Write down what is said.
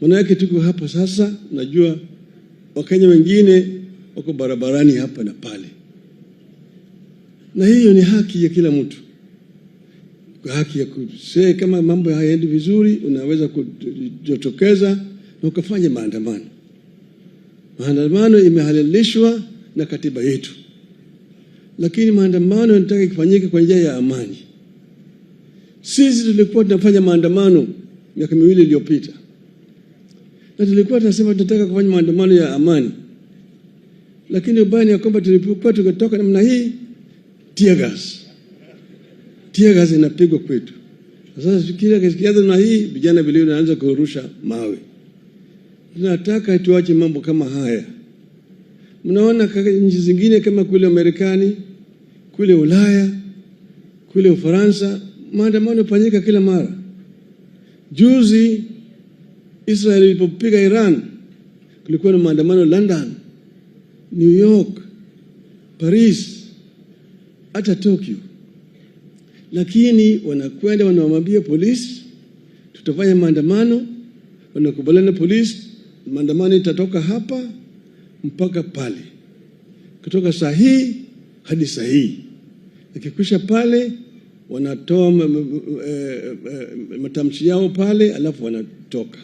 Manake tuko hapa sasa, najua Wakenya wengine wako barabarani hapa na pale, na hiyo ni haki ya kila mtu, haki ya kusema kama mambo hayaendi vizuri, unaweza kujitokeza na ukafanya maandamano. Maandamano imehalalishwa na katiba yetu, lakini maandamano yanataka kufanyika kwa njia ya amani. Sisi tulikuwa tunafanya maandamano miaka miwili iliyopita na tulikuwa tunasema tunataka kufanya maandamano ya amani, lakini ubaya ya kwamba tulipokuwa tukitoka namna hii, tear gas, tear gas inapigwa kwetu. Sasa fikiria, kesikia namna hii, vijana vile wanaanza kurusha mawe. Tunataka tuache mambo kama haya. Mnaona nchi zingine kama kule Marekani, kule Ulaya, kule Ufaransa, maandamano yanafanyika kila mara. Juzi Israel ilipopiga Iran, kulikuwa na maandamano London, New York, Paris, hata Tokyo, lakini wanakwenda wanawambia polisi, tutafanya maandamano. Wanakubaliana polisi, maandamano itatoka hapa mpaka pale, kutoka saa hii hadi saa hii. Ikikwisha pale wanatoa eh, eh, matamshi yao pale, alafu wanatoka.